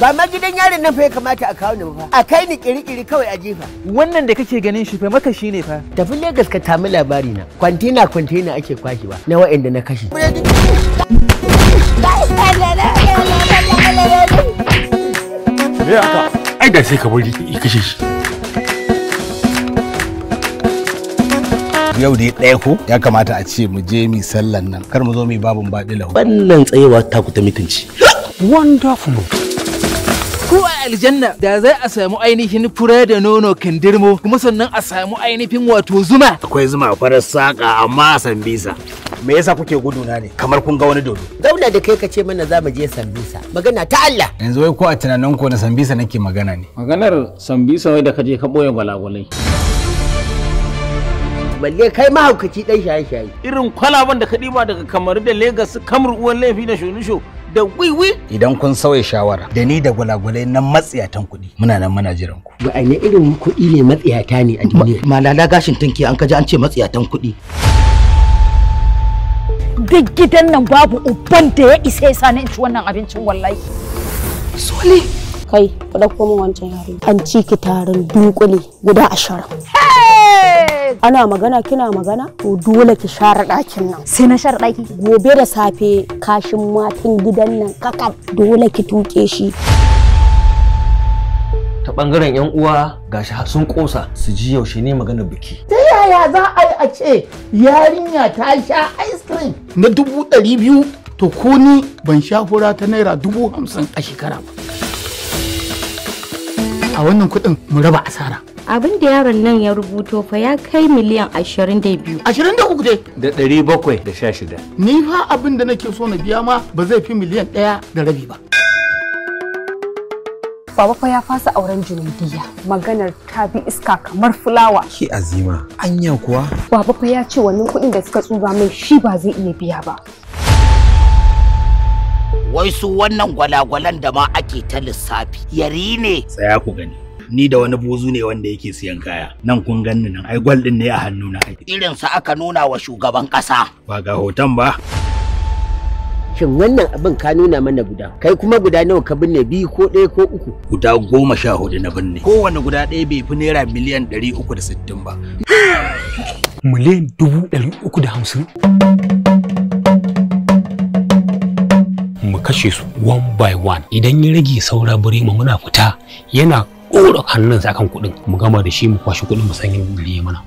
ba ma gidan yarin nan fa ya kamata a kawo ni ba a kai ni kirikiri kawai a jefa wannan da kake ganin shi fa maka shine fa tafi Lagos ka tami labari na Kwantena-kwantena ake kwashewa na wa'anda na kashe Me haka? Ai da sai ka bari ya kashe shi. yau dai ɗaya ko ya kamata a ce mu je mu sallan nan kar mu zo mu babun baɗi lahu wannan tsayewa ta ku ta mutunci wonderful ko a aljanna da zai a samu ainihin fura da nono kindirmo kuma sannan a samu ainihin wato zuma akwai zuma farar saka amma a sambisa me yasa kuke gudu na ne kamar kun ga wani dodo dauda da kai ka ce mana za mu je sambisa magana ta Allah yanzu wai ko a tunanin ko na sambisa nake magana ne maganar sambisa wai da ka je ka boye gwalagwalai balle kai mahaukaci dan shaye-shaye irin kwalaban da ka dima daga kamar da Legas kamar uwan laifi da shonisho da wiwi idan kun sauya shawara da ni da gwalagwalai na matsiyatan kuɗi muna nan muna jiran ku wa'anne irin kuɗi ne matsiyata ne a duniya malala gashin tunki an kaji an ce matsiyatan kuɗi duk gidan nan babu uban da ya isa ya sani in ci wannan abincin wallahi sole kai ku dauko mu wancan yaro an ci ki tarin dunkule guda ashirin ana magana kina magana to dole ki share ɗakin nan sai na share ɗaki gobe da safe kashin matan gidan nan kakaf dole ki tuke shi ta bangaren yan uwa gashi sun kosa su ji yaushe ne magana biki ta yaya za a yi a ce yarinya ta sha ice cream na dubu ɗari biyu to ko ni ban sha hura ta naira dubu hamsin a shekara ba a wannan kuɗin mu raba asara abin da yaron nan ya rubuto fa ya kai miliyan 22 23 ni fa abin da nake so na biya ma ba zai fi miliyan ɗaya da rabi ba Baba fa ya fasa auren Junaidiya. Maganar ta bi iska kamar fulawa. Ki azima, anya kuwa? Baba fa ya ce wannan kuɗin da suka tsuba mai shi ba zai iya biya ba. Wai su wannan gwalagwalan da ma ake ta lissafi, yari ne. Tsaya ku gani. ni da wani bozu ne wanda yake siyan kaya nan kun ganni nan ai gwal din ne a hannuna irin sa aka nuna wa shugaban kasa ba ga hoton ba shin wannan abin ka nuna mana guda kai kuma guda nawa ka binne biyu ko ɗaya ko uku guda goma sha hudu na binne kowane guda ɗaya bai fi naira miliyan ɗari uku da sittin ba miliyan dubu ɗari uku da hamsin mu kashe su one by one idan ya rage saura birima muna fita yana ɗora hannunsa akan kuɗin mu gama da shi mu kwashi kuɗin mu san yin mana